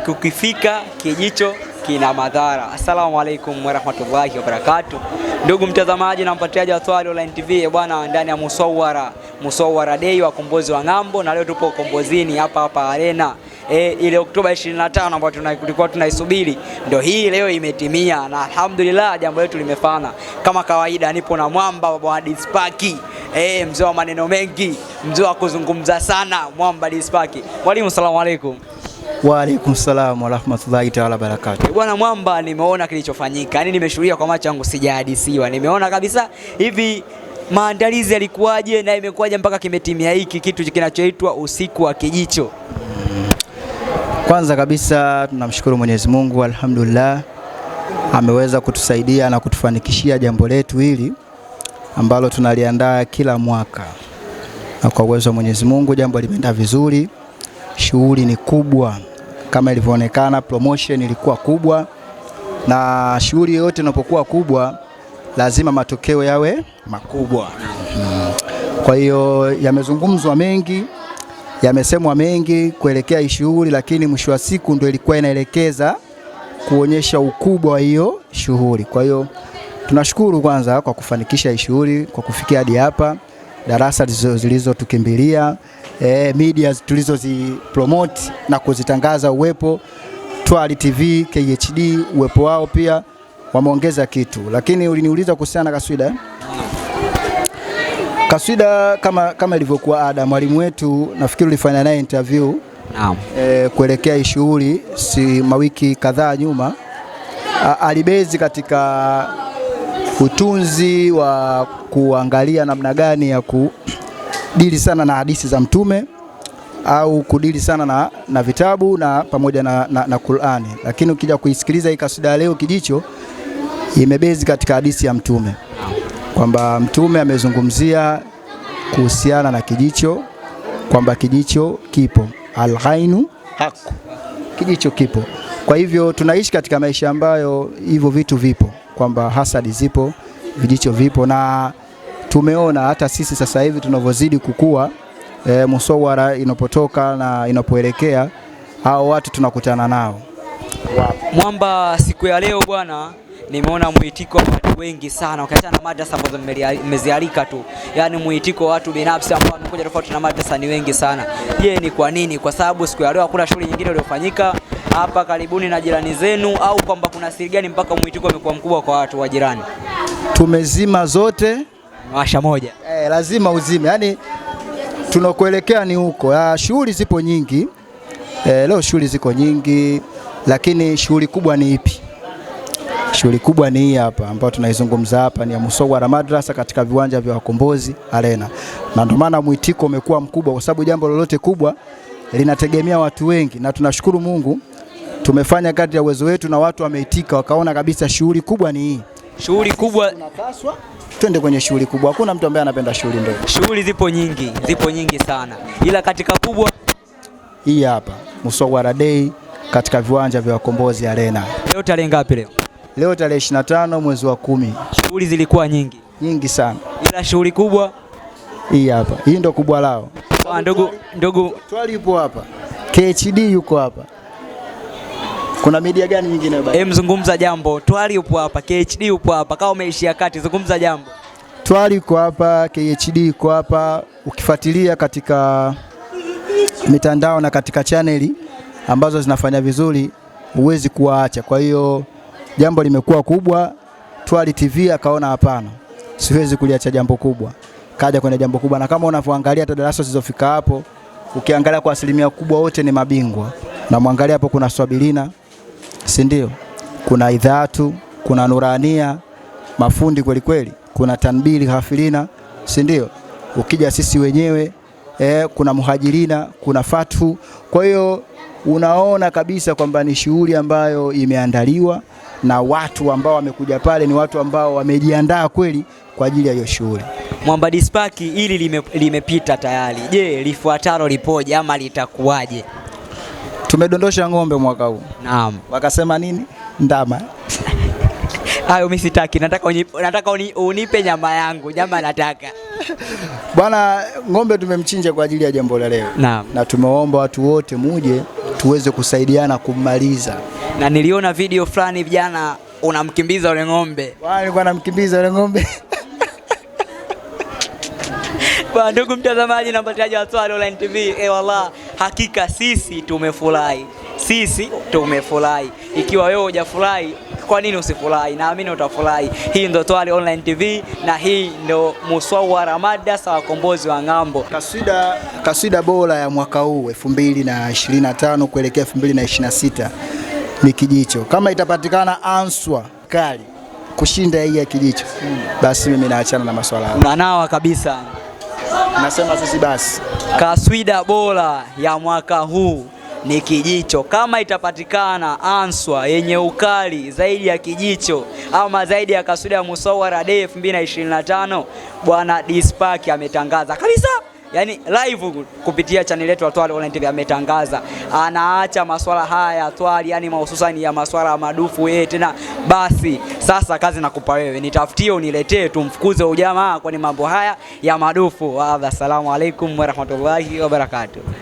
kikukifika kijicho kina madhara. Assalamu alaikum warahmatullahi wabarakatuh, ndugu mtazamaji na mpatiaji wa Twali Online TV e bwana, ndani ya Musawara Musawara Day wa Kombozi wa ng'ambo, na leo tupo ukombozini hapa hapa arena E, ile Oktoba 25 ambayo tulikuwa tunaisubiri ndio hii leo imetimia, na alhamdulillah jambo letu limefana. Kama kawaida, nipo na mwamba bwana Dispaki, e, mzee wa maneno mengi, mzee wa kuzungumza sana, mwamba Dispaki. Mwalimu, salamu alaykum wa alaikum salam wa rahmatullahi taala barakatuh. Bwana Mwamba, nimeona kilichofanyika, yaani nimeshuhudia kwa macho yangu, sijahadisiwa, nimeona kabisa hivi maandalizi yalikuwaje na imekuwaje mpaka kimetimia hiki kitu kinachoitwa usiku wa kijicho. Kwanza kabisa tunamshukuru Mwenyezi Mungu, alhamdulillah ameweza kutusaidia na kutufanikishia jambo letu hili ambalo tunaliandaa kila mwaka, na kwa uwezo wa Mwenyezi Mungu jambo limeenda vizuri, shughuli ni kubwa. Kama ilivyoonekana promotion ilikuwa kubwa, na shughuli yoyote inapokuwa kubwa lazima matokeo yawe makubwa. Hmm. Kwa hiyo yamezungumzwa mengi, yamesemwa mengi kuelekea shughuli, lakini mwisho wa siku ndio ilikuwa inaelekeza kuonyesha ukubwa wa hiyo shughuli. Kwa hiyo tunashukuru kwanza kwa kufanikisha shughuli kwa kufikia hadi hapa, darasa zilizotukimbilia e, eh, media tulizozipromote na kuzitangaza uwepo Twali TV, KHD, uwepo wao pia wameongeza kitu, lakini uliniuliza kuhusiana na kaswida eh? kaswida kama, kama ilivyokuwa ada, mwalimu wetu nafikiri ulifanya naye interview naam. E, kuelekea hii shughuli si mawiki kadhaa nyuma, alibezi katika utunzi wa kuangalia namna gani ya ku kudili sana na hadithi za Mtume au kudili sana na, na vitabu na pamoja na, na, na Qur'ani, lakini ukija kuisikiliza hii kasida ya leo Kijicho imebezi katika hadithi ya Mtume kwamba Mtume amezungumzia kuhusiana na kijicho kwamba kijicho kipo, alghainu haku, kijicho kipo. Kwa hivyo tunaishi katika maisha ambayo hivyo vitu vipo, kwamba hasadi zipo, vijicho vipo na tumeona hata sisi sasa hivi tunavyozidi kukua e, Musowara inapotoka na inapoelekea, hao watu tunakutana nao Mwamba. Siku ya leo bwana, nimeona mwitiko wa watu wengi sana, ukiachana na madrasa ambazo mmezialika tu, yaani mwitiko wa watu binafsi ambao wamekuja tofauti na madrasa ni wengi sana. Je, ni kwa nini? Kwa sababu siku ya leo hakuna shughuli nyingine iliyofanyika hapa karibuni na jirani zenu, au kwamba kuna siri gani mpaka mwitiko umekuwa mkubwa kwa watu wa jirani? Tumezima zote washa moja eh, lazima uzime. Yaani tunakuelekea ni huko. Ah, shughuli zipo nyingi eh, leo shughuli ziko nyingi, lakini shughuli kubwa ni ipi? Shughuli kubwa ni hii hapa ambayo tunaizungumza hapa, ni ya Musowwa madrasa katika viwanja vya Wakombozi Arena, na ndio maana mwitiko umekuwa mkubwa, kwa sababu jambo lolote kubwa linategemea watu wengi, na tunashukuru Mungu tumefanya kadri ya uwezo wetu na watu wameitika, wakaona kabisa shughuli kubwa ni hii. Shughuli kubwa twende kwenye shughuli kubwa. Hakuna mtu ambaye anapenda shughuli ndogo. Shughuli zipo nyingi, zipo nyingi sana, ila katika kubwa hii hapa Msogwara Day katika viwanja vya Wakombozi Arena. Leo tarehe ngapi? Leo leo tarehe 25 mwezi wa kumi. Shughuli zilikuwa nyingi nyingi sana, ila shughuli kubwa hii hapa, hii ndo kubwa lao. Ndugu ah, ndugu, Twali yupo hapa, KHD yuko hapa kuna media gani nyingine baba? Hem, zungumza jambo. Twali upo hapa, KHD upo hapa. Kama umeishia kati, zungumza jambo. Twali iko hapa, KHD iko hapa. Ukifuatilia katika mitandao na katika chaneli ambazo zinafanya vizuri, huwezi kuwaacha. Kwa hiyo jambo limekuwa kubwa, Twali TV akaona hapana, siwezi kuliacha jambo kubwa, kaja kwenye jambo kubwa, na kama unavyoangalia hata darasa zilizofika hapo, ukiangalia kwa asilimia kubwa wote ni mabingwa. Na mwangalia hapo, kuna Swabilina, si ndio? Kuna Idhatu, kuna Nurania, mafundi kweli kweli kuna tanbili hafilina, si ndio? Ukija sisi wenyewe eh, kuna muhajirina, kuna fatu Kwa hiyo unaona kabisa kwamba ni shughuli ambayo imeandaliwa na watu ambao wamekuja pale ni watu ambao wamejiandaa kweli kwa ajili ya hiyo shughuli. Mwamba Dispaki hili lime, limepita tayari. Je, lifuatalo lipoje ama litakuwaje? Tumedondosha ng'ombe mwaka huu. Naam. Wakasema nini? Ndama. Hayo mimi sitaki, nataka nataka unipe nyama yangu, nyama nataka. Bwana, ng'ombe tumemchinja kwa ajili ya jambo la leo na, na tumewaomba watu wote muje tuweze kusaidiana kummaliza, na niliona video fulani vijana unamkimbiza yule ng'ombe. Bwana, nilikuwa namkimbiza yule ng'ombe. Bwana, ndugu mtazamaji na mbatiliaji wa Swali Online TV, eh, wallah hakika sisi tumefurahi, sisi tumefurahi. Ikiwa wewe hujafurahi kwa nini usifurahi? Naamini utafurahi. Hii ndo Twali Online TV na hii ndo Muswauwara Madasa wakombozi wa ng'ambo. Kaswida, kaswida bora ya mwaka huu 2025 kuelekea 2026 ni Kijicho. Kama itapatikana answa kali kushinda hii ya Kijicho, basi mimi naachana na maswala hayo. Unanawa kabisa. Nasema sisi basi kaswida bora ya mwaka huu ni kijicho. Kama itapatikana answa yenye ukali zaidi ya kijicho ama zaidi ya kasuda ya Musawara Day 2025, bwana Dispac ametangaza kabisa yani live kupitia chaneli yetu ya Twali Online TV ametangaza anaacha maswala haya ya Twali, yani mahususani ya maswala ya madufu yeye tena. Basi sasa kazi nakupa wewe, nitafutie uniletee, tumfukuze ujamaa kwenye mambo haya ya madufu. assalamu alaikum warahmatullahi wabarakatuh.